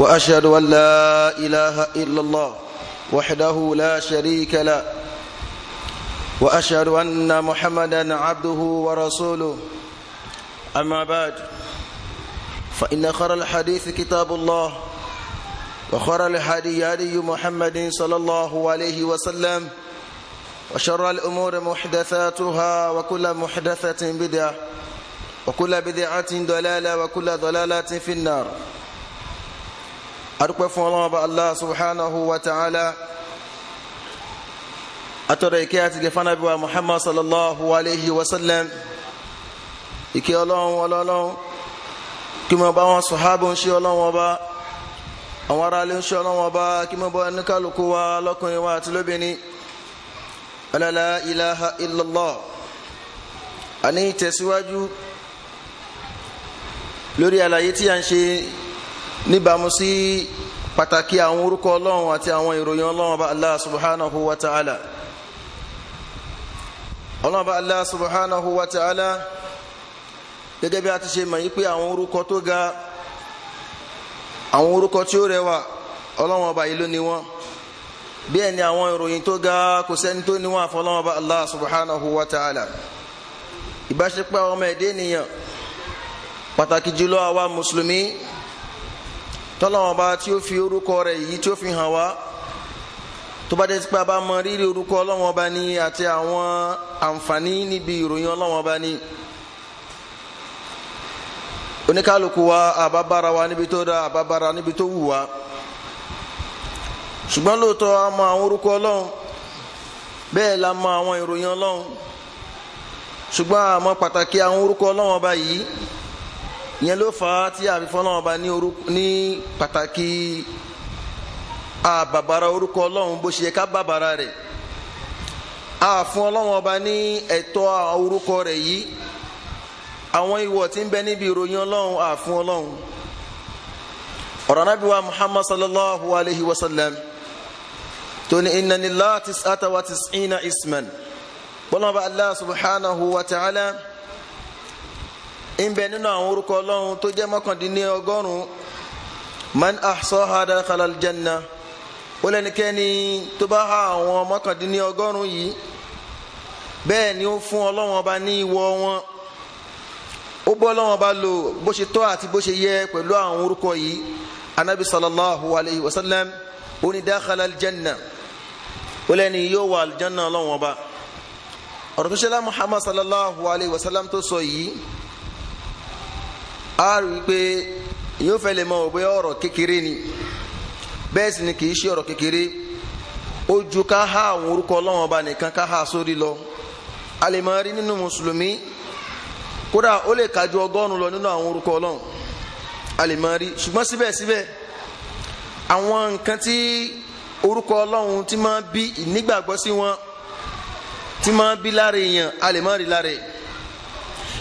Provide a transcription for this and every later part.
واشهد ان لا اله الا الله وحده لا شريك له واشهد ان محمدا عبده ورسوله اما بعد فان خر الحديث كتاب الله وخر الهدي هدي محمد صلى الله عليه وسلم وشر الامور محدثاتها وكل محدثه بدعه وكل بدعه ضلاله وكل ضلاله في النار adúpẹ́ fún ọlọ́wọ́n bá allah subhanahu wa ta'ala atọ́rọ̀ ìkẹ́ àti gẹ̀fánà bí wa muhammad sallallahu alayhi wa sallam ìkẹ́ ọlọ́run ọlọ́run kí mo bá wọn sọ̀hábù ń ṣe ọlọ́run ọba àwọn ará ilé ń ṣe ọlọ́run ọba kí mo bá ní kálukú wa lọ́kùnrin wa àti lóbìnrin alala ilaha illallah àní ìtẹ̀síwájú lórí àlàyé tí a ń ṣe níbàámu sí pàtàkì àwọn orúkọ ọlọ́run àti àwọn ìròyìn ọlọ́run ọba allah subhanahu wa ta'ala ọlọ́run ọba allah subhanahu wa ta'ala gẹ́gẹ́ bí a ti ṣe mọ̀ yìí pé àwọn orúkọ tó ga àwọn orúkọ tí ó rẹwà ọlọ́run ọba yìí ló ní wọn bí ẹni àwọn ìròyìn tó ga kò sẹ́ni tó ní àfọlọ́run ọba allah subhanahu wa ta'ala ìbáṣepọ̀ ọmọ ẹ̀dẹ́ ènìyàn pàtàkì jùlọ àwa mùsùlùmí tọ́lọ́wọ́n bá tí ó fi orúkọ rẹ̀ yìí tí ó fi hàn wá tó bá dé tí pé a bá mọ rírì orúkọ ọlọ́wọ́n bá ní àti àwọn àǹfààní níbi ìròyìn ọlọ́wọ́n bá oníkálukú wa àbábára wa níbi tó dá àbábára níbi tó wù wá ṣùgbọ́n lóòótọ́ a mọ àwọn orúkọ ọlọ́run bẹ́ẹ̀ la mọ àwọn ìròyìn ọlọ́run ṣùgbọ́n a mọ pàtàkì àwọn orúkọ ọlọ́run ọba yìí ìyẹn ló fà á tí àfi fún ọlọ́run ọba ní pàtàkì àbàbàrà orúkọ ọlọ́run bó ṣe yẹ ká bàbàrà rẹ̀ àfún ọlọ́run ọba ní ẹ̀tọ́ orúkọ rẹ̀ yìí àwọn ìwọ̀ tí ń bẹ níbi ìròyìn ọlọ́run àfún ọlọ́run ọ̀rọ̀ anábì wa muhammad sallallahu alayhi wa sallam tóní inna lillahi tis'ata wa bọ́lá ọba allah wa ta'ala ńbẹ nínú àwọn orúkọ ọlọ́run tó jẹ́ mọ́kàndínní ọgọ́rùn-ún man ahsaha dakhala aljanna ó lẹ́nikẹ́ni tó bá há àwọn mọ́kàndínní ọgọ́rùn-ún yìí bẹ́ẹ̀ ni ó fún ọlọ́run ọba ní ìwọ wọn ó bọ́ ọlọ́run ọba lò bó ṣe tọ́ àti bó ṣe yẹ pẹ̀lú àwọn orúkọ yìí anabi sallallahu alayhi wa sallam ó ní dakhala ó lẹ́ni yóò wọ aljanna ọlọ́run ọba ọ̀rọ̀ tó ṣẹlá muhammad sallallahu alayhi wa sallam tó sọ yìí a rí i pé yóò fẹ́ lè mọ òbí ọ̀rọ̀ kékeré ni bẹ́ẹ̀ sì ni kì í ṣe ọ̀rọ̀ kékeré ó ju ká há àwọn orúkọ ọlọ́wọ́n ọba nìkan ká há sórí lọ a lè máa rí nínú mùsùlùmí kódà ó lè kájú ọgọ́rùn-ún lọ nínú àwọn orúkọ ọlọ́run a lè máa rí ṣùgbọ́n síbẹ̀síbẹ̀ àwọn nǹkan tí orúkọ ọlọ́run ti máa bí ìnígbàgbọ́ sí wọn ti máa bí lára èèyàn a lè máa rí lára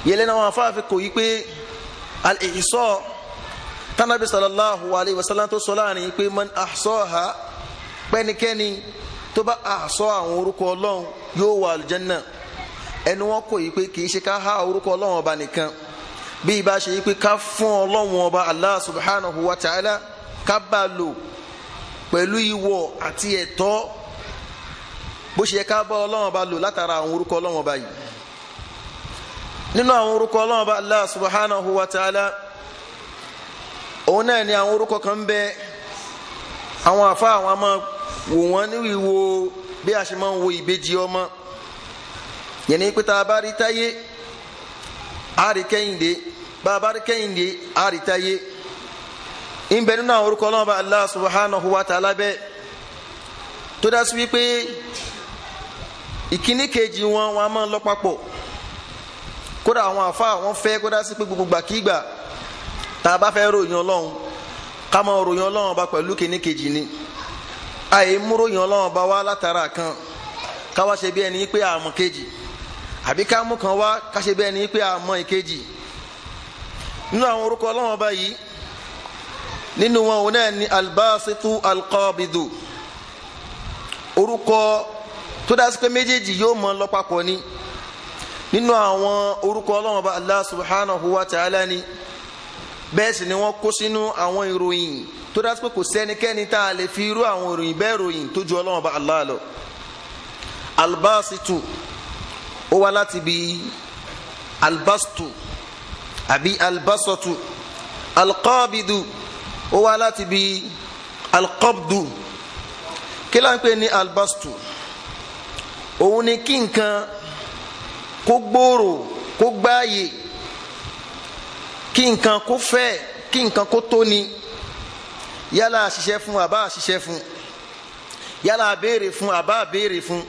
yẹlẹ́nà àwọn afáàfin kò yí pé al-ihsa tanabi sallallahu alayhi wa sallam tó sọ láàrin pé man ahsaha pẹ́nikẹ́ni tó bá ahsa àwọn orúkọ ọlọ́run yóò wà àlùjànnà ẹnu wọn kò yí pé kì í ṣe ká há orúkọ ọlọ́run ọba nìkan bí ibà ṣe yí pé ká fún ọlọ́run ọba allah subhanahu wa ta'ala ká bá lò pẹ̀lú ìwọ̀ àti ẹ̀tọ́ bó ṣe ká bá ọlọ́run ọba lò látara àwọn orúkọ ọlọ́run ọba yìí nínú àwọn orúkọ ọlọ́run ọba allah subhanahu wa ta'ala òun náà ni àwọn orúkọ kan bẹ àwọn àfa àwọn máa wò wọ́n níwì wo bí a ṣe máa ń wo ìbejì ọmọ yẹn pé tá a bá rí táyé a rí kẹ́hìndé bá a bá rí kẹ́hìndé a rí táyé ń bẹ nínú àwọn orúkọ ọlọ́run ọba allah subhanahu wa ta'ala bẹ́ẹ̀ tó dá sí wípé ìkíní kejì wọn wọn a máa lọ papọ̀ kódà àwọn àfa àwọn fẹ́ kódà sí pé gbogbo gbàkígbà tá bá fẹ́ ròyìn ọlọ́run ká ròyìn ọlọ́run ọba pẹ̀lú kìíní ni àyè mú ròyìn ọlọ́run ọba wá látara kan ká ṣe bí ẹni pé àmọ́ kejì àbí ká kan wá ká bí ẹni pé àmọ́ ìkejì nínú àwọn orúkọ ọlọ́run ọba yìí nínú wọn òun náà ni albasitu alqabidu orúkọ tó dá sí pé méjèèjì yóò mọ lọ papọ̀ ni nínú àwọn orúkọ ọlọ́wọ́n bá Allah subhanahu wa ta'ala ni bẹ́ẹ̀ sì ni wọ́n kó sínú àwọn ìròyìn tó dá sí pé kò sẹ́nikẹ́ni tá a lè fi irú àwọn ìròyìn bẹ́ẹ̀ ròyìn tó ju ọlọ́wọ́n bá Allah lọ. albasitu ó wá láti bi albastu àbí albasatu alqabidu ó wá láti bi alqabdu kí ló ń albastu òun ni kí nǹkan kó gbòòrò kó gbáàyè kí nǹkan kó fẹ́ kí nǹkan kó tóni yálà àṣìṣe fún àbá àṣìṣe fún yálà àbéèrè fún àbá àbéèrè fún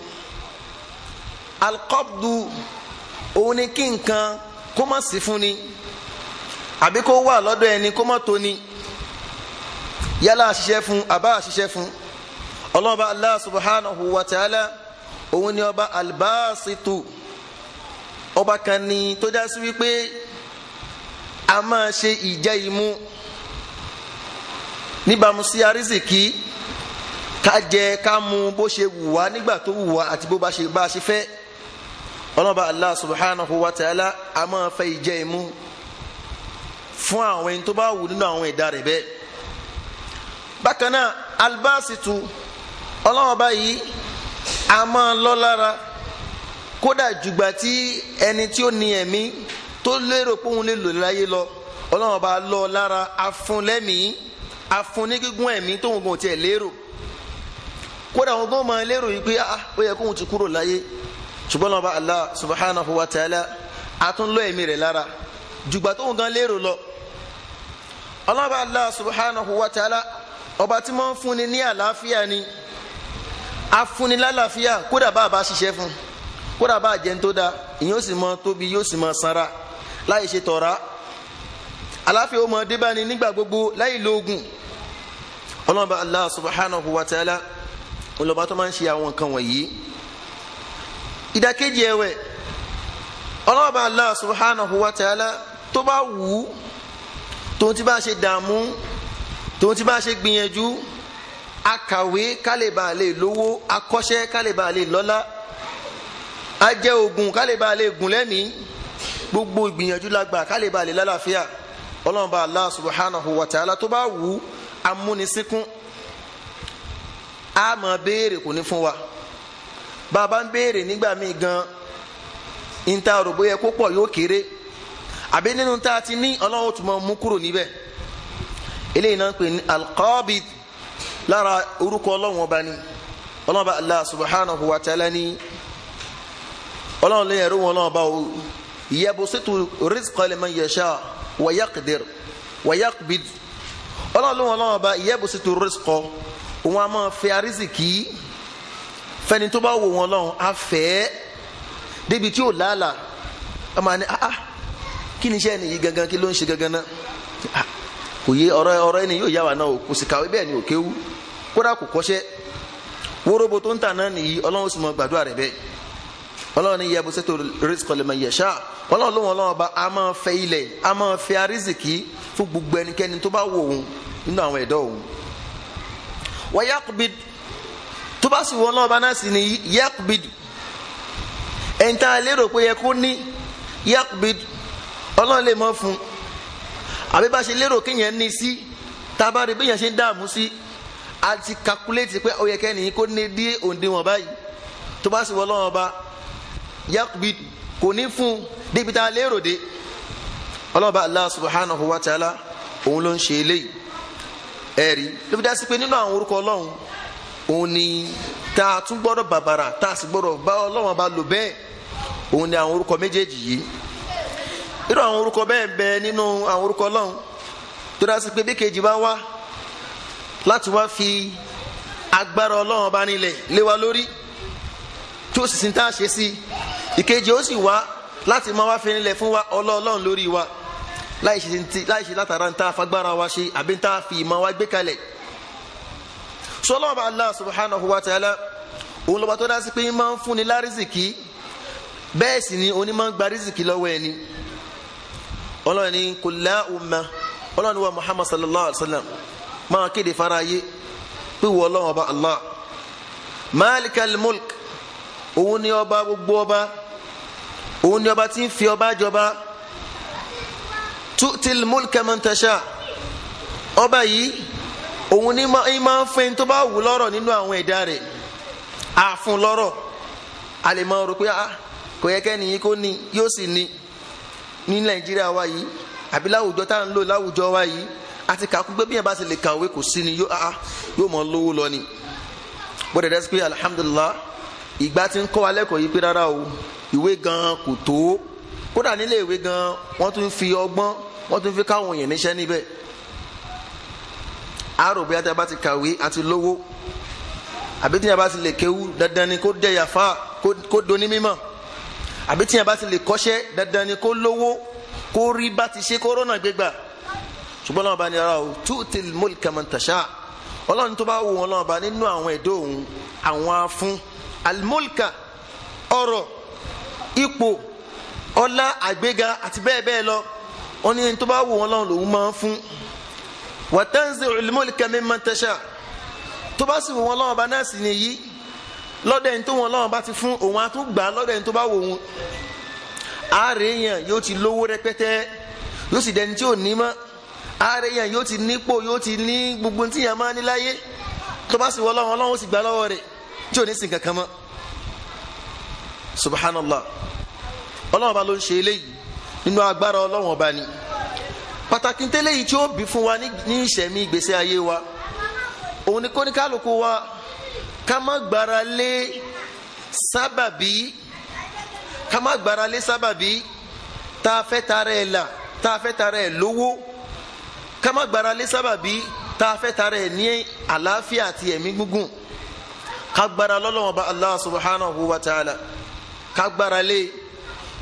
alikọ́bdu òun ni kí nǹkan kó má sí fún ni àbí kó wà lọ́dọ̀ ẹni kó má tóni yálà àṣìṣe fún àbá àṣìṣe fún ọlọ́ba Allah subhanahu wa ta'ala òun ni ọba albasitu ọba kan ni tó dá sí wípé a máa ṣe ìjẹ imú níbàámu sí arísìkí ká jẹ ká mu bó ṣe wù wá nígbà tó wù wá àti bó bá ṣe bá ṣe fẹ́ ọlọ́ba allah subhanahu wa ta'ala a máa fẹ́ ìjẹ imú fún àwọn ẹni tó bá wù nínú àwọn ẹ̀dá rẹ̀ bẹ́ẹ̀ bákan náà albasitu ọlọ́wọ́ báyìí a máa lọ́ lára kódà jùgbà tí ẹni tí ó ní ẹ̀mí tó lérò pé òun lè lọ ọlọ́run ọba lọ lára afunlẹ́mìí afun ní gígùn ẹ̀mí tóun tiẹ̀ lérò kódà òun gan máa lérò yìí pé ah, ó yẹ ti kúrò láyé ṣùgbọ́n Allah wa ta'ala àtúnlọ́ ẹ̀mí rẹ̀ lára jùgbà lọ Allah wa ta'ala ọba tí wọ́n ń fúnni ni kódà bá a bá ṣiṣẹ́ kódà bá jẹun tó da ìyẹn ó sì mọ tóbi yóò sì mọ sanra láì ṣe tọ̀ra aláfíà ó mọ débáni nígbà gbogbo láì lo oògùn ọlọ́mọba allah subhanahu wa ta'ala ọlọ́ba tó máa ń ṣe àwọn nǹkan wọ̀nyí ìdàkejì ẹ̀wẹ̀ ọlọ́mọba allah subhanahu wa ta'ala tó bá wù ú tóun ti bá ṣe dààmú tóun ti bá ṣe gbìyànjú akàwé kálíbà lè lówó akọ́ṣẹ́ kálíbà lè lọ́lá a jẹ oògùn ká lè ba lè gùn lẹ́mìí gbogbo ìgbìyànjú la gbà ká lè ba lè lálàáfíà ọlọ́run bá Allah subhanahu wa ta'ala tó bá wù ú amúnisínkún a máa béèrè kò ní fún wa bàbá ń béèrè nígbà míì gan níta rò bóyá kó pọ̀ yóò kéré àbí nínú tá ti ní ọlọ́run tó máa mú kúrò níbẹ̀ eléyìí náà pè ní alqabid lára orúkọ ọlọ́run ọba ni ọlọ́run bá Allah subhanahu wa ta'ala ni ọlọ́run lè yẹn rú wọn náà bá o yabsutu rizqa liman yasha wa yaqdir wa yaqbid ọlọ́run lè wọn náà bá yabsutu rizqa wọn a máa fẹ́ arísìkì fẹ́ni tó bá wò wọn lọ́run á fẹ́ débi tí ò làálà ọmọ àni ah, ah kí ni iṣẹ́ nìyí gangan kí ló ń ṣe gangan náà ah, kò yé ọ̀rọ̀ ọ̀rọ̀ ẹni yóò yá wa náà o kò sì kàwé bẹ́ẹ̀ ni ò kéwu kódà kò kọ́ṣẹ́ wóróbo tó ń tà náà nìyí ọlọ́run sì mọ gbàdúrà rẹ̀ bẹ́ẹ̀ ọlọ́run ní yẹ bùsẹ̀tò rìsíkọ̀ lè mọ ìyẹ̀ṣà ọlọ́run lóhùn ọlọ́run ọba a máa fẹ́ ilẹ̀ a máa fẹ́ arísìkí fún gbogbo ẹnikẹ́ni tó bá wò òun nínú àwọn ẹ̀dọ́ òun. wà yaqbid tó bá sì wọ ọlọ́run ọba náà sì ní yaqbid ẹni tá a lérò pé yẹ kó ní yaqbid ọlọ́run lè mọ́ fún un àbí bá ṣe lérò kéèyàn ní sí tá a bá rí béèyàn ṣe ń dààmú sí a ti kakuléètì tó bá sì wọ ọlọ́run ọba yaqbid kò ní fún débi tá a lérò dé ọlọ́ba allah subhanahu wa ta'ala òun ló ń ṣe eléyìí ẹ̀rí ló fi dá sí pé nínú àwọn orúkọ ọlọ́run òun ni tá a tún gbọ́dọ̀ bàbàrà tá a sì gbọ́dọ̀ bá ọlọ́run bá lò bẹ́ẹ̀ òun ni àwọn orúkọ méjèèjì yìí irú àwọn orúkọ bẹ́ẹ̀ bẹ nínú àwọn orúkọ ọlọ́run tó dá sí pé bí kejì bá wá láti wá fi agbára ọlọ́run bá nílẹ̀ lé wa lórí tó sì sin tá a ṣe sí i ìkejì ó sì wá láti máa wá fi nílẹ̀ fún wa ọlọ́ọ̀lọ́run lórí wa láìṣe látara ń ta afagbára wa ṣe àbí ń ta fi ìmọ̀ wa gbé kalẹ̀ sọlọ́ọ̀bà Allah subhanahu wa ta'ala òun lọ́ba tó dá sí pé máa ń fúnni lárísìkì bẹ́ẹ̀ sì ni oní máa ń gba rísìkì lọ́wọ́ ẹni ọlọ́run ní kò lá umma ọlọ́run ní wa Muhammad sallallahu alayhi wa sallam máa kéde fara ayé pé wọ́n ọlọ́run ọba Allah malikal mulk òun ni ọba gbogbo ọba òun ni ọba tí ń fi ọba jọba tutil mulka man tasha ọba yìí òun ni máa ń fẹ́ tó bá wù lọ́rọ̀ nínú àwọn ẹ̀dá rẹ̀ àfún lọ́rọ̀ a lè máa rò pé ah kò yẹ kẹ́ nìyí kó ní yóò sì ní ní nàìjíríà wa yìí àbí láwùjọ tá à ń lò láwùjọ wa yìí àti kàkú pé bí yẹn bá ti lè kàwé kò sí ni ah, ah, yóò mọ lówó lọ ni bó dẹ̀ dẹ́sí pé alihamudulilah ìgbà tí ń kọ́ wa lẹ́kọ̀ọ́ yìí pé rárá o ìwé gan kò tó kódà nílé ìwé gan wọ́n tún fi ọgbọ́n wọ́n tún fi káwọn èèyàn níṣẹ́ níbẹ̀ àárò bí ata bá ti kàwé àti lówó àbí tí yẹn bá ti lè kéwú dandan ni kó dẹ̀yà fa kó doni mímọ̀ àbí tí yẹn bá ti lè kọ́ṣẹ́ dandan ni kó lówó kó rí bá ti ṣe kórónà gbégbà ṣùgbọ́n lọ́wọ́ bá ní ara o tú ti mulka man tasha ọlọ́run tó bá wù wọn lọ́wọ́ bá nínú àwọn ẹ̀dọ́ òun àwọn afún almulka ọ̀rọ̀ ipò ọlá àgbéga àti bẹ́ẹ̀ bẹ́ẹ̀ lọ wọn ní tó bá wù wọn lọ́rùn lòun máa ń fún wa tanzi'ul mulka mimman tasha tó bá sì wù wọn lọ́wọ́ bá náà sì nìyí lọ́dọ̀ ẹni tó wọn lọ́wọ́ bá ti fún òun á tún gbà lọ́dọ̀ tó bá wù wọn àárẹ̀yàn yóò ti lówó rẹpẹtẹ yóò sì dẹni tí ò ní mọ́ àárẹ̀yàn yóò ti nípò yóò ti ní gbogbo tí máa ní láyé tó bá sì wọ lọ́wọ́ Ọlọ́run subhanallah ọlọ́run ọba ló ń ṣe eléyìí nínú agbára ọlọ́run ọba ni pàtàkì tẹ́lẹ̀ yìí tí ó bí fún wa ní ìṣẹ̀mí ìgbésẹ̀ ayé wa òun ni kóníkálukú wa ká má gbára lé sábàbí ká má gbára lé sábàbí tá a fẹ́ tara ẹ̀ là tá a fẹ́ tara ẹ̀ lówó ká má gbára lé sábàbí tá a fẹ́ tara ẹ̀ ní àlàáfíà àti ẹ̀mí gígùn ká gbára lọ́lọ́wọ́n Allah subhanahu wa ta'ala kágbára lé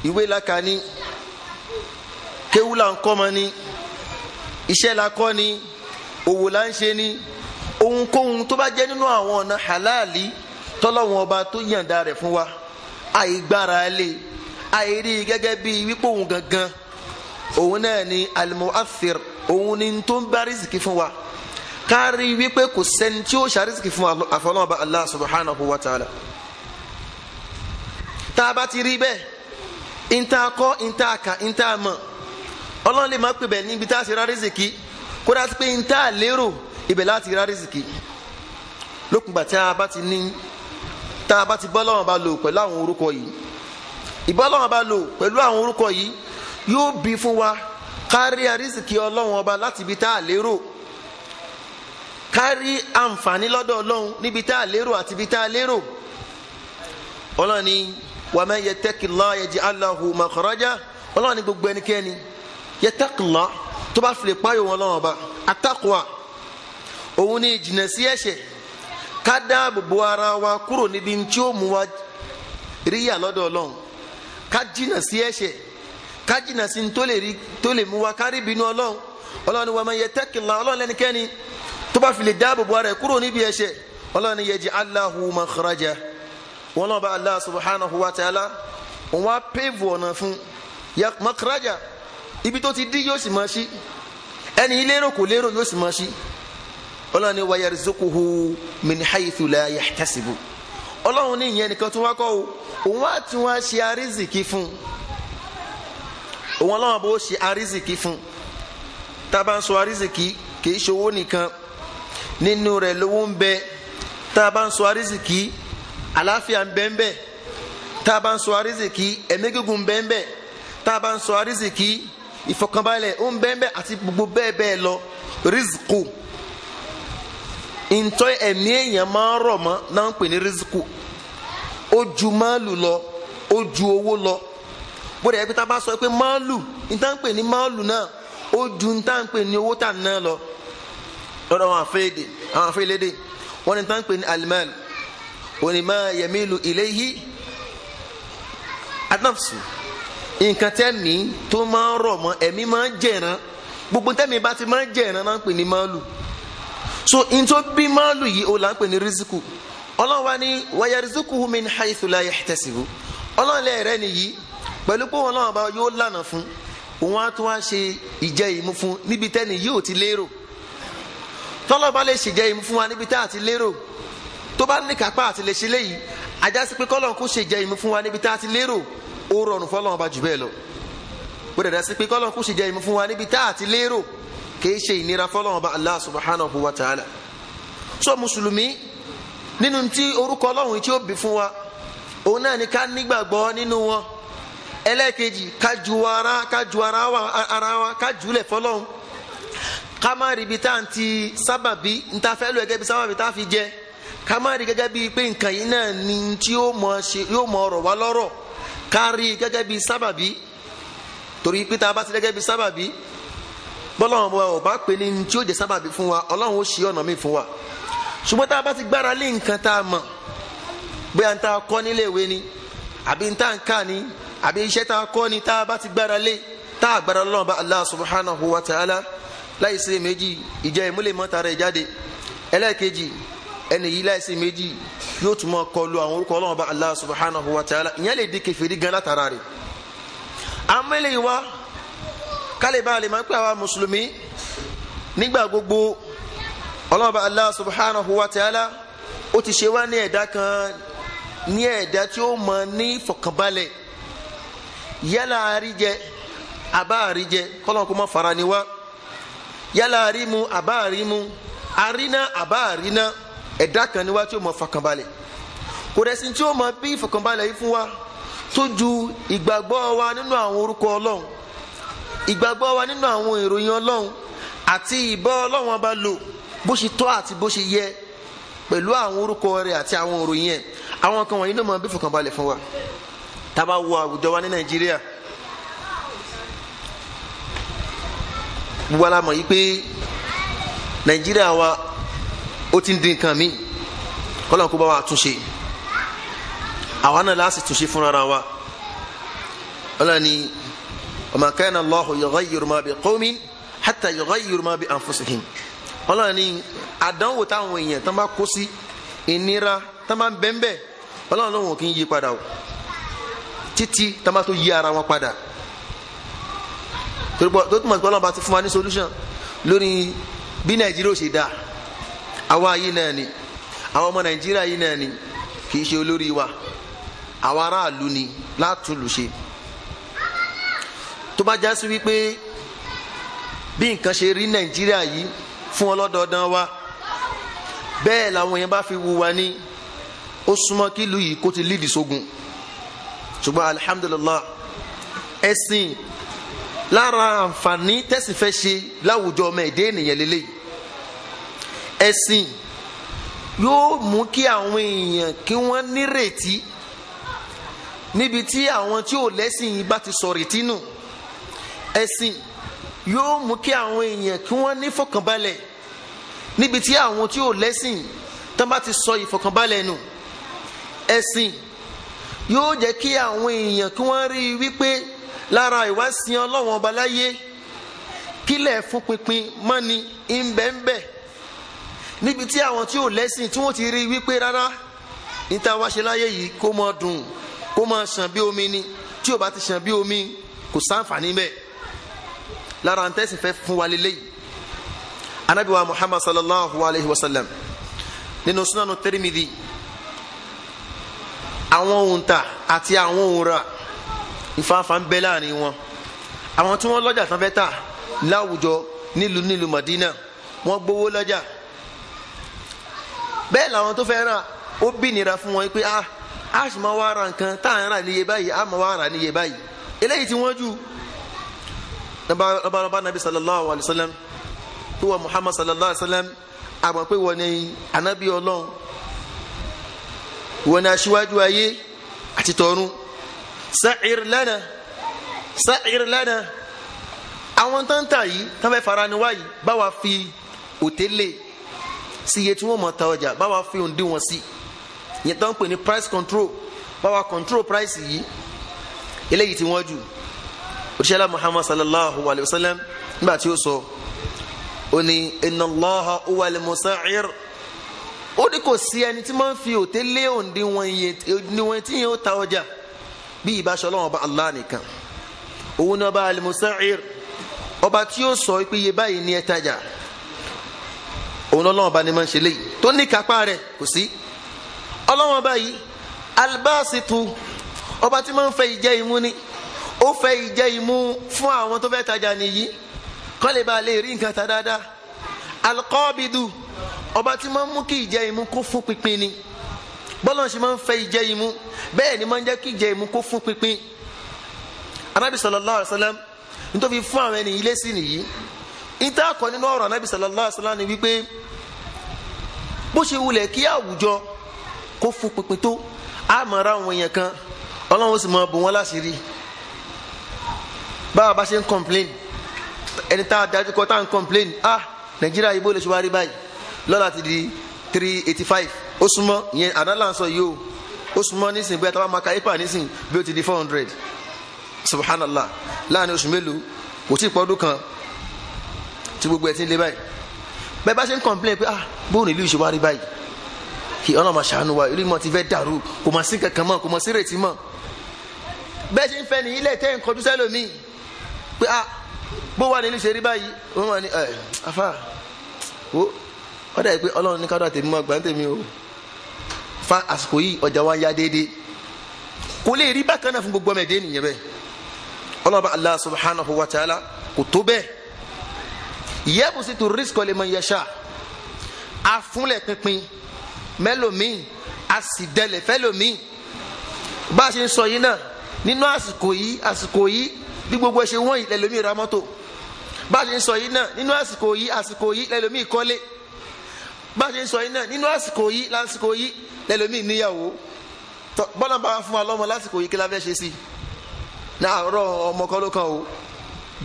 ìwé laka ni kéwú là ni iṣẹ́ la kọ́ ni òwò là ń ṣe ni ohunkóhun tó bá jẹ́ nínú àwọn ọ̀nà halali tọ́lọ́wọ́n ọba tó yàǹda rẹ̀ fún wa àìgbára lé àìrí gẹ́gẹ́ bí wípé òun gangan òun náà ni almu'athir òun ni tó ń bá rìsìkì fún wa kárí wípé kò sẹ́ni tí ó ṣàrísìkì fún àfọlọ́wọ́n Allah subhanahu wa ta'ala tá a bá ti rí bẹ́ẹ̀ ntá kọ́ ntá kà ntá mọ̀ ọlọ́run lè má pè bẹ́ẹ̀ níbi tá a ṣe ra rìsìkì kó dá sí pé ntá lérò ibẹ̀ láti ra rìsìkì lókùngbà tí a bá ti ní tá a bá ti bọ́ lọ́wọ́n bá lò pẹ̀lú àwọn orúkọ yìí ìbọ́ lọ́wọ́n bá lò pẹ̀lú àwọn orúkọ yìí yóò bí fún wa kárí àrísìkí ọlọ́run ọba láti ibi tá a lérò kárí àǹfààní lọ́dọ̀ ọlọ́run níbi tá a lérò àti ibi tá a lérò ọlọ́run ni wa man yattaqillah yaj'al lahu makhraja ọlọ́run ní gbogbo ẹnikẹ́ni yattaqillah tó bá filẹ̀ páyọ̀ wọn lọ́wọ́ bá at-taqwa òun ni ìjìnà sí ẹ̀ṣẹ̀ ká dáàbò bo ara wa kúrò níbi tí ó mú wa ríyà lọ́dọ̀ ọlọ́run ká jìnà sí ẹ̀ṣẹ̀ ká jìnà sí tó lè mú wa kárí bínú ọlọ́run ọlọ́run ni wa man yattaqillah ọlọ́run lẹ́nikẹ́ni tó bá filẹ̀ dáàbò bo ara kúrò níbi ẹ̀ṣẹ̀ ọlọ́run yaj'al lahu makhraja wọn náà bá Allah subhanahu wa ta'ala wọn wá pèvù ọ̀nà fún makaraja ibi tó ti dí yóò sì máa ṣí ẹni lérò kò lérò yóò sì máa ṣí ọlọ́run ni wa yarzuquhu min haythu la ọlọ́run ní ìyẹn nìkan tó wá kọ́ o òun á tún ṣe àrízìkí fún òun ọlọ́run bó ṣe àrízìkí fún tá a bá ń sọ àrízìkí kì í ṣe owó nìkan nínú rẹ̀ lówó ń bẹ tá a bá ń sọ àrízìkí alaafia ń bẹ́ẹ̀ bẹ́ẹ̀ tá a bá ń sọ àrísìkí ẹ̀mí gígùn ń bẹ́ẹ̀ a ati gbogbo bẹ́ẹ̀ bẹ́ẹ̀ lọ rizku ntọ́ ẹ̀mí èèyàn máa ń rọ̀ mọ́ pè ní rizku ó ju máàlù lọ ó ju owó lọ bó dẹ̀ ẹ́ pé tá a bá sọ pè ní máàlù náà onímọ̀ yẹmílu ilehi, anafsu nǹkan tẹ́ ní tó máa ń rọ̀ mọ́ ẹ̀mí máa ń jẹ̀ràn gbogbo tẹ́mi bá ti máa ń jẹ̀ràn náà ń pè ní máàlù so n tó bí máàlù yìí ó là ń pè ní rísíkù ọlọ́run wa ní wayarzuquhu min haythu la yahtasibu ọlọ́run lẹ́ẹ̀rẹ́ nìyí pẹ̀lú pé wọn náà bá yóò lànà fún òun á tún wá ṣe ìjẹ́ ìmú fún níbi tẹ́ni yìí ò ti lérò tọ́lọ́ lè ṣèjẹ́ ìmú fún wa níbi tá à lérò tó bá ní kápá àti lè ṣe léyìí ajásí pé kọ́lọ́n kó ṣe jẹ́ ìmú fún wa níbi tá a ti lérò ó rọrùn fọ́lọ́n ọba jù bẹ́ẹ̀ lọ bó dẹ̀ dásí pé kọ́lọ́n kó ṣe jẹ́ ìmú fún wa níbi tá a ti lérò kìí ṣe ìnira fọ́lọ́n ọba Allah subhanahu wa ta'ala so mùsùlùmí nínú tí orúkọ ọlọ́run tí ó bí fún wa òun náà ni ká nígbàgbọ́ nínú wọn ẹlẹ́ẹ̀kejì ká ju ara ká ju ara wa ara wa ká jùlẹ̀ fọ́lọ́run ká má ríbi tá à ń ti sábàbí ń ta fẹ́ lọ gẹ́gẹ́ bí sábàbí tá a fi jẹ́ ká má rí gẹ́gẹ́ bíi pé nǹkan yìí náà ni tí yóò mọ ọ̀rọ̀ wá lọ́rọ̀ ká rí gẹ́gẹ́ bíi sábàbí torí pé tá a bá ti gẹ́gẹ́ bíi sábàbí bọ́lọ́run wa ò bá pè ní tí yóò jẹ́ sábàbí fún wa ọlọ́run ó ṣí ọ̀nà míì fún wa ṣùgbọ́n tá a bá ti gbára lé nǹkan tá a mọ̀ bóyá tá a kọ́ nílé ìwé ni àbí tá a ń kà ni àbí iṣẹ́ tá a kọ́ ni tá a bá ti gbára lé tá a gbára lọ́wọ́ bá Allah subhanahu wa ta'ala láì sí ìjẹ́ ìmúlẹ̀mọ́ta rẹ̀ jáde ẹlẹ́ẹ̀kejì ẹni yìí láìsí méjì yóò tún máa kọlu àwọn orúkọ ọlọ́run bá allah subhanahu wa ta'ala ìyẹn lè di kèfèrí gan látara rẹ̀ amẹ́lẹ̀ wa kálí bá lè máa ń pè àwa mùsùlùmí nígbà gbogbo ọlọ́run bá allah subhanahu wa ta'ala ó ti ṣe wá ní ẹ̀dá kan ní ẹ̀dá tí ó mọ ní fọkànbalẹ̀ yálà àríjẹ àbá àríjẹ kọ́lọ́n kó fara ni wá yálà àrímu àbá àrímu àrínà àbá àrínà ẹ̀dá kan ni wá tí ó mọ fọkànbalẹ̀ kò dẹ̀ sí tí ó mọ bí ìfọkànbalẹ̀ yìí fún wa tó ju ìgbàgbọ́ wa nínú àwọn orúkọ ọlọ́run ìgbàgbọ́ wa nínú àwọn ìròyìn ọlọ́run àti ìbọ́ ọlọ́run ọba lò bó ṣe tọ́ àti bó ṣe yẹ pẹ̀lú àwọn orúkọ rẹ̀ àti àwọn ìròyìn ẹ̀ àwọn kan wọ̀nyí ló mọ bí ìfọkànbalẹ̀ fún wa tá a bá wo àwùjọ wa ní nàìjíríà gbogbo alamọ̀ yìí pé nàìjíríà wa ó ti ń di nǹkan mi kọ́lọ́n kó bá wa túnṣe àwa náà láti túnṣe fúnra wa ọlọ́run ni ọmọ kana Allahu yughayyiru ma bi qawmin hatta yughayyiru ma bi anfusihim ọlọ́run ni àdánwò táwọn èèyàn tán bá kó sí ìnira tán bá ń bẹ́ńbẹ́ ọlọ́run lóun kì í yí padà o títí tán bá tó yí ara wọn padà tó túmọ̀ sí pé ọlọ́run ti fún wa ní solution lórí bí Nàìjíríà ò ṣe dáa àwa yìí náà ni àwọn ọmọ nàìjíríà yìí náà ni kì í ṣe olórí wa àwọn aráàlú ni látùlù tó bá já sí wípé bí nǹkan ṣe rí nàìjíríà yìí fún ọlọ́dọọdán wa bẹ́ẹ̀ làwọn yẹn bá fi wù wá ní ó súnmọ́ kí ìlú yìí kó ti lídìí sógun ṣùgbọ́n alihamdulilah ẹ̀sìn lára àǹfààní tẹ́sí ṣe láwùjọ ọmọ ẹ̀dẹ́ ènìyàn lélẹ́yìí ẹ̀sìn yóò mú kí àwọn èèyàn kí wọ́n nírètí níbi tí àwọn tí ò lẹ́sìn yìí bá ti sọ̀rọ̀ ìtínú ẹ̀sìn yóò mú kí àwọn èèyàn kí wọ́n ní fọkànbalẹ̀ níbi tí àwọn tí ò lẹ́sìn tán bá ti sọ ìfọkànbalẹ̀ nù ẹ̀sìn yóò jẹ́ kí àwọn èèyàn kí wọ́n rí i wípé lára ìwásìn ọlọ́wọ́n ọba láyé kílẹ̀ fún pinpin mọ́ni ń níbi tí àwọn tí ò lẹ́sìn tí wọ́n ti rí wípé rárá níta wá ṣe láyé yìí kó mọ dùn kó mọ ṣàn bí omi ni tí ò bá ti ṣàn bí omi kò sáǹfààní bẹ́ẹ̀ lára ń tẹ́sí fẹ́ fún wa lélẹ́yìí anabi muhammad sallallahu alayhi wa sallam nínú sunanu tirimidi àwọn ohun ta àti àwọn ohun ra ìfàǹfà ń bẹ láàrin wọn àwọn tí wọ́n lọ́jà tán fẹ́ tà láwùjọ nílùú nílùú madina wọ́n gbowó lọ́jà bẹ́ẹ̀ làwọn tó fẹ́ rà ó bí nira fún wọn pé ah a sì máa wá ra nǹkan tá à ń rà níye báyìí a máa wá rà níye báyìí eléyìí tí wọ́n jù lọ́balọ́ba nabi sallallahu alayhi wa sallam tó muhammad sallallahu alayhi wa àmọ́ pé wọ́n ní anabi ọlọ́run wọ́n ní aṣíwájú ayé àti tọ̀run sa'ir lana sa'ir lana àwọn tó ń tà yìí tó fẹ́ fara ni wáyìí báwa fi òtélè sí iye tí wọ́n máa ta ọjà báwa fi òǹdíwọ̀n sí ìyẹn tó ń pè ní price control báwa control price yìí eléyìí tí wọ́n jù òṣìṣẹ́lá muhammad sallallahu alayhi wa sallam nígbà tí ó sọ ó ní inna Allaha huwal musa'ir ó ní kò sí ẹni tí máa ń fi òté lé òǹdíwọ̀n iye òǹdíwọ̀n tí yẹn ó ta ọjà bí ìbáṣọ ọlọ́run ọba allah nìkan òun náà bá al musa'ir ọba tí ó sọ ìpéye báyìí ní ẹ tajà òun lọ́lọ́wọ́n bá ní máa ń ṣe léyìí tó ní kápá rẹ̀ kò sí ọlọ́wọ́n bá yìí albasitu ọba tí máa ń fẹ́ ìjẹ́ imú ni ó fẹ́ ìjẹ́ imú fún àwọn tó fẹ́ tajà nìyí kọ́ lè ba lè rí nǹkan ta dáadáa alkọ́bìdù ọba tí máa ń mú kí ìjẹ́ imú kó fún pínpín ni bọ́lá ń ṣe máa ń fẹ́ ìjẹ́ imú bẹ́ẹ̀ ni máa ń jẹ́ kí ìjẹ́ imú kó fún pínpín anábì sallallahu alaihi wasallam nítorí fún àwọn ẹni ilé ìta akọ nínú ọ̀rọ̀ anábì sallallahu alaihi wasallam ni wípé bó ṣe wulẹ̀ kí àwùjọ kó fún pinpin tó a máa ra àwọn èèyàn kan ọlọ́run sì máa bò wọ́n láṣìírí báwa bá ṣe ń complain ẹni tá a dájú kọ tá a ń complain ah nàìjíríà yìí bó lè ṣe wá rí báyìí lọ́la ti di three eighty five ó súnmọ́ ìyẹn àdánlá ń sọ yìí o ó súnmọ́ nísìnyí bóyá táwọn máa ka ipa nísìnyí bí ó ti di four hundred subhanallah láàrin oṣù mélòó kò tí ì pọ́ ọdún kan tí gbogbo ẹ ti lé báyìí bẹ́ẹ̀ bá ṣe ń complain pé ah bóun ìlú ìṣòwò àrí báyìí kì ọlọ́run máa ṣàánú wa ìlú ìmọ̀ ti fẹ́ dàrú kò mọ̀ sí kankan mọ̀ kò mọ̀ sí rètí mọ̀ bẹ́ẹ̀ ṣe ń fẹ́ ní ilé tẹ́ ń kọjú sẹ́lómi pé ah bó wà nílùú ṣe rí báyìí wọ́n máa ní ẹ̀ afá wo wọ́n dà pé ọlọ́run ní ká dọ̀ tèmi mọ́ gbà ń tèmi o fa àsìkò yìí ọjà wa ya déédéé kò lè rí bákan náà fún gbogbo ọmọ ẹ̀dẹ́ nìyẹn bẹ́ẹ̀ ọlọ́run bá Allah subhanahu wa ta'ala kò tó bẹ́ẹ̀ yẹ́bùsí tó rísíkọ̀ lè mọ yẹ̀ṣà afúnlẹ̀ pinpin mẹ́lòmíì àsìdẹ́lẹ̀ fẹ́lòmíì bá a ṣe ń sọ yìí náà nínú àsìkò yìí àsìkò yìí bí gbogbo ṣe wọ́n yìí lẹ́lòmíì ra mọ́tò bá a ṣe ń sọ yìí náà nínú àsìkò yìí àsìkò yìí lẹ́lòmíì kọ́lé bá a ṣe ń sọ yìí náà nínú àsìkò yìí lásìkò yìí lẹ́lòmíì níyàwó bọ́lá bá wa fún wa lọ́mọ lásìkò yìí kí la fẹ́ ṣe sí i náà ọ̀rọ̀ ọmọ kọ́ o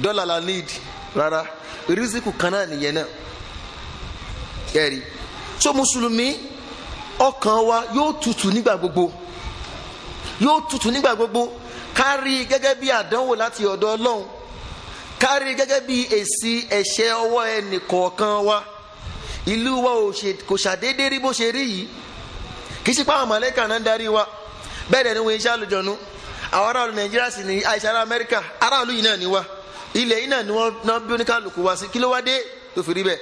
dọ́là la need Rara, rísíkù kan náà nìyẹn náà ẹ̀rí so mùsùlùmí ọkàn wa yóò tutù nígbà gbogbo yóò tutù nígbà gbogbo kárí gẹ́gẹ́ bí àdánwò láti ọ̀dọ̀ ọlọ́run kárí gẹ́gẹ́ bí èsì ẹ̀ṣẹ̀ ọwọ́ ẹnì kọ̀ọ̀kan wa ìlú wa kò ṣàdédé rí bó ṣe rí yìí kì í ṣe pé àwọn mọ̀lẹ́kà náà ń darí wa bẹ́ẹ̀ dẹ̀ ni wọ́n iṣẹ́ àlùjọ̀nú àwọn aráàlú nàìjíríà sì ní àìsàn ará amẹ́ríkà aráàlú yìí náà ni wa ilẹ̀ yìí náà ni wọ́n náà bí oníkàlùkù wá sí kí ló wá dé tó fi rí bẹ́ẹ̀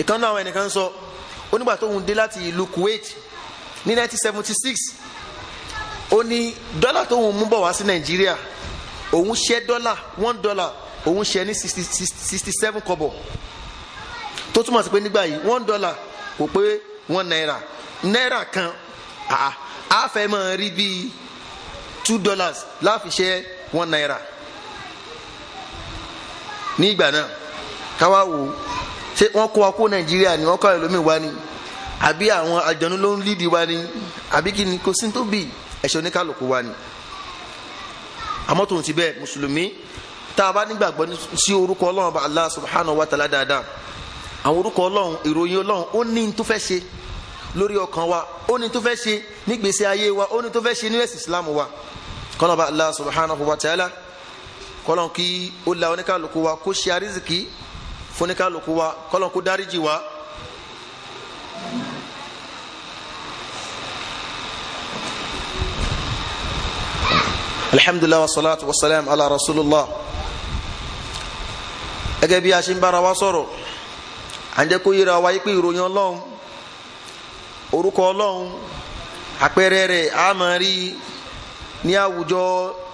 ìkan náà àwọn ẹnìkan sọ onígbà tóun dé láti ìlú Kuwait ní 1976 ó ní dọ́là tóun mú bọ̀ wá sí Nàìjíríà òun ṣẹ́ dọ́là one dollar òun ṣẹ́ ní sixty seven kọ́bọ̀ tó túmọ̀ sí pé nígbà yìí one dollar kò pé one naira naira kan àá àfẹ́ máa rí bíi two dollars láfi ṣẹ́ one naira ní ìgbà náà káwá wò ṣé wọ́n kó wa kó nàìjíríà ni wọ́n kọ́ ẹ̀ lómi wa ni àbí àwọn àjọ̀nú ló ń lídìí wa ni àbí kí ni kò sí tó bì ẹ̀ṣẹ̀ oníkàlùkù wa ni àmọ́ tòun ti bẹ́ẹ̀ mùsùlùmí tá a bá nígbàgbọ́ sí orúkọ ọlọ́run ọba subhanahu wa ta'ala dáadáa àwọn orúkọ ọlọ́run ìròyìn ọlọ́run ó ní tó fẹ́ ṣe lórí ọkàn wa ó ní tó fẹ́ ṣe nígbèsè ayé wa ó ní tó fẹ́ ṣe nílẹ̀ sí islam wa kọ́nà ọba Allah subhanahu wa ta'ala kọlọ́n kí ó la oníkàlùkù wa kó ṣe àrísìkí fún oníkàlùkù wa kọlọ́n kó dáríjì wa. alhamdulilah wasalaatu wasalaam ala rasulillah gẹ́gẹ́ bí a ṣe ń bára wa sọ̀rọ̀ à ń jẹ́ kó yíra wa yí pé ìròyìn ọlọ́run orúkọ ọlọ́run àpẹẹrẹ rẹ̀ àmọ́ rí i ní àwùjọ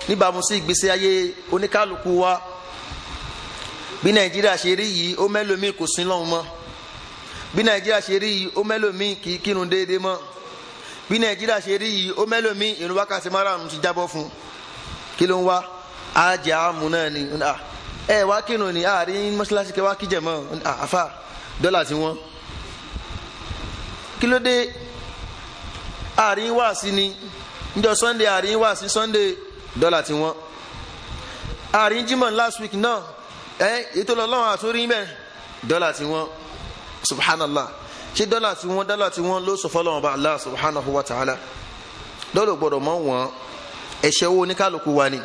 níbàámu sí ìgbésí ayé oníkálukú wa bí nàìjíríà ṣe rí yìí ó mẹ́lòmíì kò sí lọ́hùn mọ́ bí nàìjíríà ṣe rí yìí ó mẹ́lòmíì kì í kírun déédéé mọ́ bí nàìjíríà ṣe rí yìí ó mẹ́lòmíì ìrun wákàtí márùn-ún ti jábọ́ fún kí ló ń wá àjẹ́ àmú náà ni ẹ wá kírun ní àárín mọ́ṣáláṣí kẹ́ wá kíjẹ̀ mọ́ àfà dọ́là tí wọ́n kí ló dé àárín wáàsí ni níjọ́ sunday àárín wá sí sunday dọ́là ti wọ́n àárín jimoh last week náà ẹ ètò Ọlọ́run àtúrí mẹ́ dọ́là ti wọ́n subhanallah ṣé dọ́là ti wọ́n dọ́là ti wọ́n ló sọ fọlọ́run bá allah subhanahu wa ta'ala dọ́là gbọ́dọ̀ mọ́ wọn ẹ̀ṣẹ̀ wo oníkálukú wa ni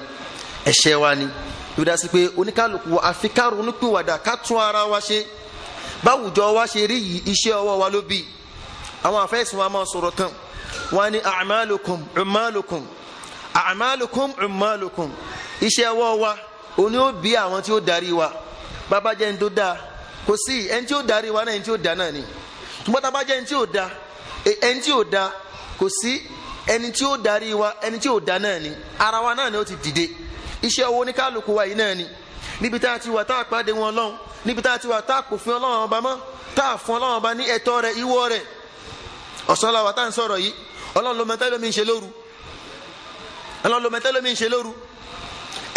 ẹ̀ṣẹ̀ wa ni ló dá sí pé oníkálukú wa àfi ká ronúpìwàdà ká tún ara wa ṣe báwùjọ wa ṣe rí yìí iṣẹ́ ọwọ́ wa ló bí àwọn àfẹ́sùn wa máa sọ̀rọ̀ kan wọ́n ní a'malukum ummalukum a'malukum ummalukum iṣẹ́ ọwọ́ wa òní ó bí àwọn tí ó darí wa bàbá jẹ́ ní tó dáa kò sí ẹni tí ó darí wa náà ẹni tí ó dáa náà ni tùmọ̀ tá a bá jẹ́ ẹni tí ó dáa e, ẹni tí ó dáa kò sí ẹni tí ó wa ẹni tí ó dáa náà ni ara wa náà ni ó ti dìde iṣẹ́ owó ní kálukú wa yìí náà ni níbi tá a ti wà tá a pàdé wọn lọ́hùn níbi tá a ti wà tá a kò fún ọlọ́run ọba mọ́ tá a fún ọlọ́run ọba ní ẹ̀tọ́ rẹ̀ ìwọ rẹ̀ ọ̀sán la tá à ń sọ̀rọ̀ yìí ọlọ́run ló mẹ́tẹ́ lómi ń ṣe lóru ọlọ́run ló mẹ́tẹ́ lómi ń ṣe lóru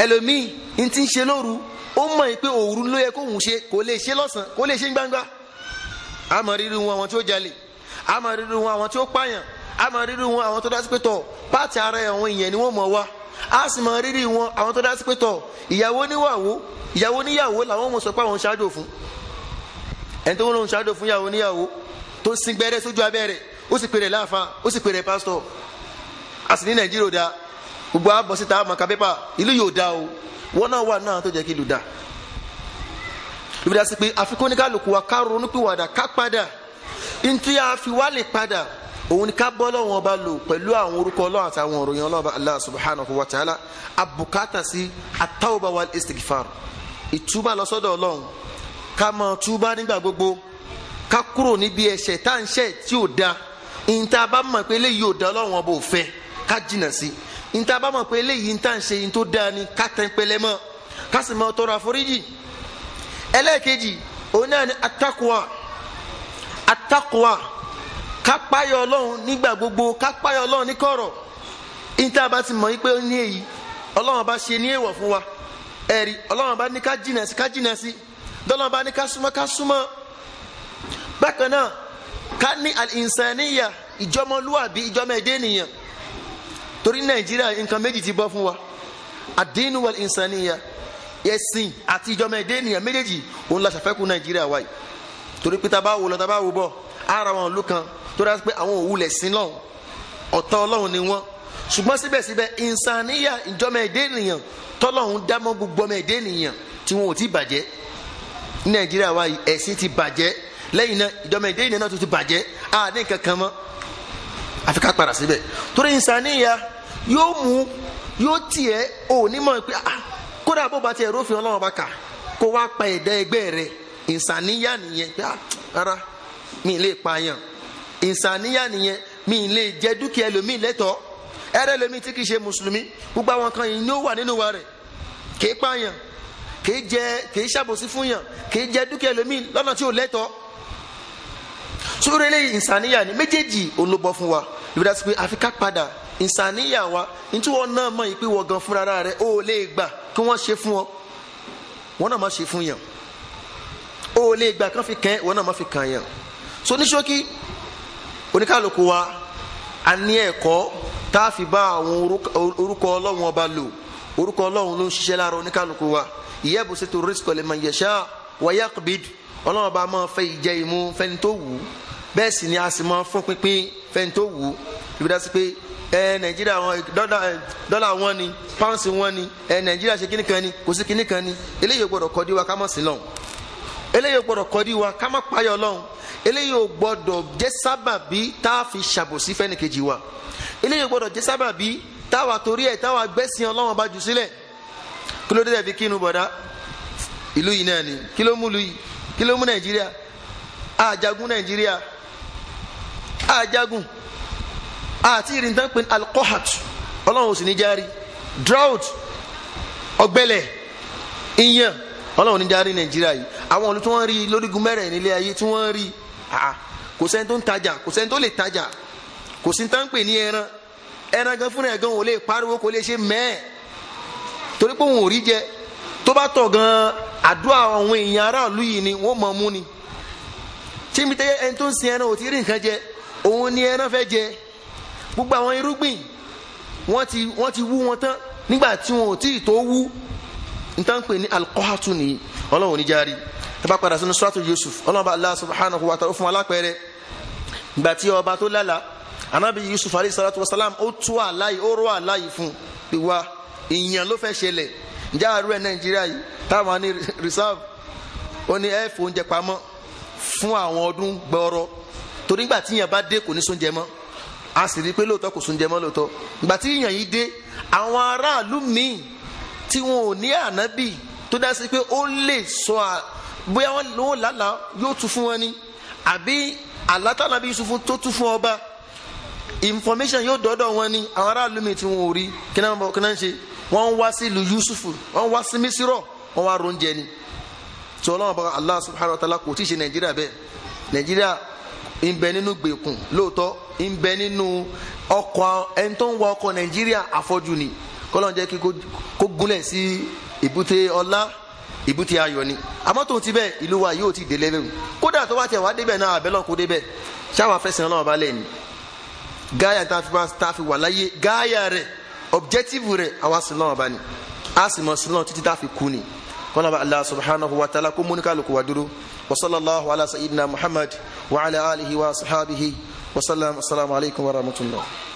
ẹlòmíì ń ti ń ṣe lóru ó mọ̀ pé òru ló yẹ kóhun ṣe kò lè ṣe lọ́sàn kò lè ṣe ń gbangba àmọ́ ríru wọn àwọn tí ó jalè àmọ́ ríru wọn àwọn tí ó pààyàn àmọ́ ríru wọn àwọn tó dá sí pé tọ̀ páàtì ara àwọn èèyàn ni wọ́n mọ̀ wá a sì mọ rírì wọn àwọn tó dá sí pé tọ ìyàwó níwàwó ìyàwó níyàwó làwọn mọ sọ pé àwọn ń ṣáájò fún ẹni tó ń lòun fún ìyàwó níyàwó tó sin gbẹ́rẹ́ sójú abẹ́rẹ́ ó sì pèrè láàfa ó sì pèrè pásítọ̀ a sì ní nàìjíríà da gbogbo àbọ̀ síta àmàkà pépà ìlú yóò da o wọn náà wà náà tó jẹ́ kí ìlú da ìbí dá sí pé àfikún ní kálukú wa ká ronú pìwàdà ká padà ntí a fi wá lè padà òun ká bọ́ lọ́wọ́n ọba lò pẹ̀lú àwọn orúkọ ọlọ́run àti òròyìn ọlọ́run Allah subhanahu wa ta'ala abukata sí atawba wal istighfar ìtúbà lọ́sọ́dọ̀ ọlọ́run ká máa túbà nígbà gbogbo ká kúrò níbi ẹ̀ṣẹ̀ tá à ń ṣẹ̀ tí ò dáa níta bá mọ̀ pé eléyìí ò dá ọlọ́run ọba ò fẹ́ ká jìnà sí níta bá mọ̀ pé eléyìí níta ń ṣe yìí tó dáa ni ká tẹ́ pẹlẹ́ mọ́ ká sì mọ tọrọ àforíjì ẹlẹ́ẹ̀kejì òun náà ni atakuwa atakuwa ká páyọ ọlọ́run nígbà gbogbo ká páyọ ọlọ́run ní kọ̀rọ̀ níta bá ti mọ̀ yí pé ó ní èyí ọlọ́run bá ṣe ní èèwọ̀ fún wa ẹ̀rí ọlọ́run bá ní ká jìnà sí ká jìnà sí dọ́lọ́run bá ní ká súnmọ́ ká súnmọ́ bákan náà ká ní al-insaniya ìjọmọlúwàbí ìjọmọdé nìyẹn torí nàìjíríà nǹkan méjì ti bọ́ fún wa ad-dinu wal-insaniya ẹ̀sìn àti ìjọmọdé nìyẹn méjèèjì òun la ṣàfẹ́kù nàìjíríà wáyé torí pé tábà wò lọ tábà wò bọ̀ ara wọn ló kan tó dáa pé àwọn òwúlẹ̀ sí lọ́hùn ọ̀tá ọlọ́hun ni wọ́n ṣùgbọ́n síbẹ̀síbẹ̀ ìnsàníyà ìjọmọ ẹ̀dẹ́ ènìyàn tọ́lọ́hun dámọ́ gbogbo ọmọ ẹ̀dẹ́ ènìyàn tí wọn ò ti bàjẹ́ nàìjíríà wa ẹ̀sìn ti bàjẹ́ lẹ́yìn náà ìjọba ìdí ìnana tó ti bàjẹ́ a ní nǹkan kan mọ́ àfi ká padà síbẹ̀ torí ìsàníyà yóò mú yóò tiẹ̀ onímọ̀ pé ah, kódà bó ba tiẹ̀ rófin ọlọ́run bá kà kó wá pa ẹ̀dá ẹgbẹ́ rẹ̀ ìsàníyà nìyẹn pé ah, rárá mi lè pààyàn ìsàníyà nìyẹn mi lè jẹ dúkìá ẹlòmíì lẹ́tọ̀ọ́ ẹrẹ́ lómi tí kìí ṣe mùsùlùmí gbogbo àwọn kan yìí ni ó wà nínú wa rẹ̀ kìí pààyàn kìí jẹ kìí ṣàbòsí fún yàn kìí jẹ dúkìá ẹlòmíì lọ́nà tí ò lẹ́tọ̀ọ́ sórí eléyìí ìsàníyà ni méjèèjì olóbọ fún wa ìbúdá sí pé àfi ká padà ìsàníyà wa nítorí wọn náà mọ ìpè wọ gan fúnra rẹ ó lè gbà kí wọn ṣe fún ọ wọn náà má ṣe fún yàn ó lè gbà kán fi kàn wọn náà má fi kàn yàn so ní ṣókí oníkàlùkù wa a ní ẹ̀kọ́ tá a fi bá àwọn orúkọ ọlọ́run ọba lò orúkọ ọlọ́run ló ń ṣiṣẹ́ lára oníkàlùkù wa ìyẹ́bùsẹ̀tò rìsíkọ̀lẹ̀ mọ̀ yẹ̀ṣá wáyà kùbìdì ọlọ́run bá máa fẹ́ ìjẹ ìmu fẹ́ni tó wù ú bẹ́ẹ̀ sì ni a sì máa fún pínpín fẹ́ni tó wù ú ibi dá sí pé ẹ nàìjíríà wọn dọ́là wọn ni pounds wọn ni ẹ nàìjíríà ṣe kíní ni kò sí kíní ni eléyìí ò gbọ́dọ̀ kọ́dí wa ká mọ̀ sí lọ́hùn eléyìí ò gbọ́dọ̀ kọ́dí wa ká má payọ̀ lọ́hùn eléyìí ò gbọ́dọ̀ jẹ́ sábàbí tá a fi ṣàbòsí fẹ́nìkejì wa eléyìí ò gbọ́dọ̀ jẹ́ sábàbí táwa torí ẹ̀ táwa gbẹ́sìn ọlọ́run bá jù sílẹ̀ kí ló dé dẹ̀ fi kínú bọ̀dá ìlú yìí náà ni kí ló mú lu yìí kí ló mú nàìjíríà àjagun nàìjíríà àjagun àti ìrìntàn pé alkohat ọlọ́run ò sì ní járí drought ọ̀gbẹlẹ̀ ìyàn ọlọ́run ní járí nàìjíríà yìí àwọn olú tí wọ́n rí lórígun mẹ́rẹ̀ nílé ayé tí wọ́n rí kò sẹ́ni tó ń tajà kò sẹ́ni tó lè tajà kò sí tán pè ní ẹran ẹran gan fúnra ẹ̀ gan ò lè pariwo kò lè ṣe mẹ́ẹ̀ torí pé òun ò rí jẹ tó bá tọ̀ gan àdúrà àwọn èèyàn aráàlú yìí ni wọ́n mọ̀ mú ni tí mi tẹ́yẹ ẹni tó ń sin ẹran ò ti rí nǹkan jẹ òun ni ẹran fẹ́ jẹ gbogbo àwọn irúgbìn wọ́n ti wọ́n ti wú wọn tán nígbà tí wọn ò tí ì tó wú nítorí pé ní alukóhátù nìyí ọlọ́run ní járí ẹ bá padà sínú suratu Yusuf ọlọ́run bá Allah subhanahu wa ta'ala fún alápẹ̀rẹ̀ ìgbà tí ọba tó lálàá anábì Yusuf alayhi salatu wa salam ó tú àlàyé ó rọ àlàyé fún ìwà ìyàn ló fẹ́ ṣẹlẹ̀ ǹjẹ́ àrú ẹ̀ nàìjíríà yìí táwọn ní reserve ó ní ẹ̀ fòúnjẹ pamọ́ fún àwọn ọdún gbọ́ọ̀rọ̀ torí nígbà tí yẹn bá dé kò ní sóúnjẹ mọ́ a sì rí i pé lóòótọ́ kò sóúnjẹ mọ́ lóòótọ́ nígbà tí yẹn yìí dé àwọn aráàlú míì tí wọn ò ní ànábì tó dá sí pé ó lè sọ à bóyá wọn lówó lálàá yóò tún fún wọn ni àbí àlátànàbí Yúsúfù tó tún fún ọba information yóò dọ́dọ̀ wọn ni àwọn aráàlú míì tí wọn ò rí kí náà ń ṣe wọ́n wá sí ìlú Yusufu wọ́n wá sí Misiro wọ́n wá ronjẹ ni tí ọlọ́run bá Allah subhanahu wa ta'ala kò tí ì ṣe Nàìjíríà bẹ́ẹ̀ Nàìjíríà ń bẹ nínú gbèkùn lóòótọ́ ń bẹ nínú ọkọ̀ ẹni tó ń wa ọkọ̀ Nàìjíríà àfọ́jú ni kọ́lọ́n jẹ́ kí kó gúnlẹ̀ sí ìbúté ọlá ìbúté ayọ̀ ni àmọ́ tó ti bẹ́ẹ̀ ìlú wa yóò ti délé bẹ́ẹ̀ kódà tó bá tiẹ̀ wá débẹ̀ náà àbẹ́lọ́ kó débẹ̀ ṣáà wà fẹsẹ̀ náà balẹ̀ ni gáyà tá a fi wà láyé gáyà rẹ̀ objective rẹ̀ àwa sinlọ́n ọba ni a sì mọ̀ sinlọ́n títí tá a fi kú ni kọ́nà bá allah subhanahu wa ta'ala kó múni kálukú wa dúró wa sallallahu ala sayyidina muhammad wa ala alihi wa sahabihi wa sallam assalamu alaikum wa rahmatullah.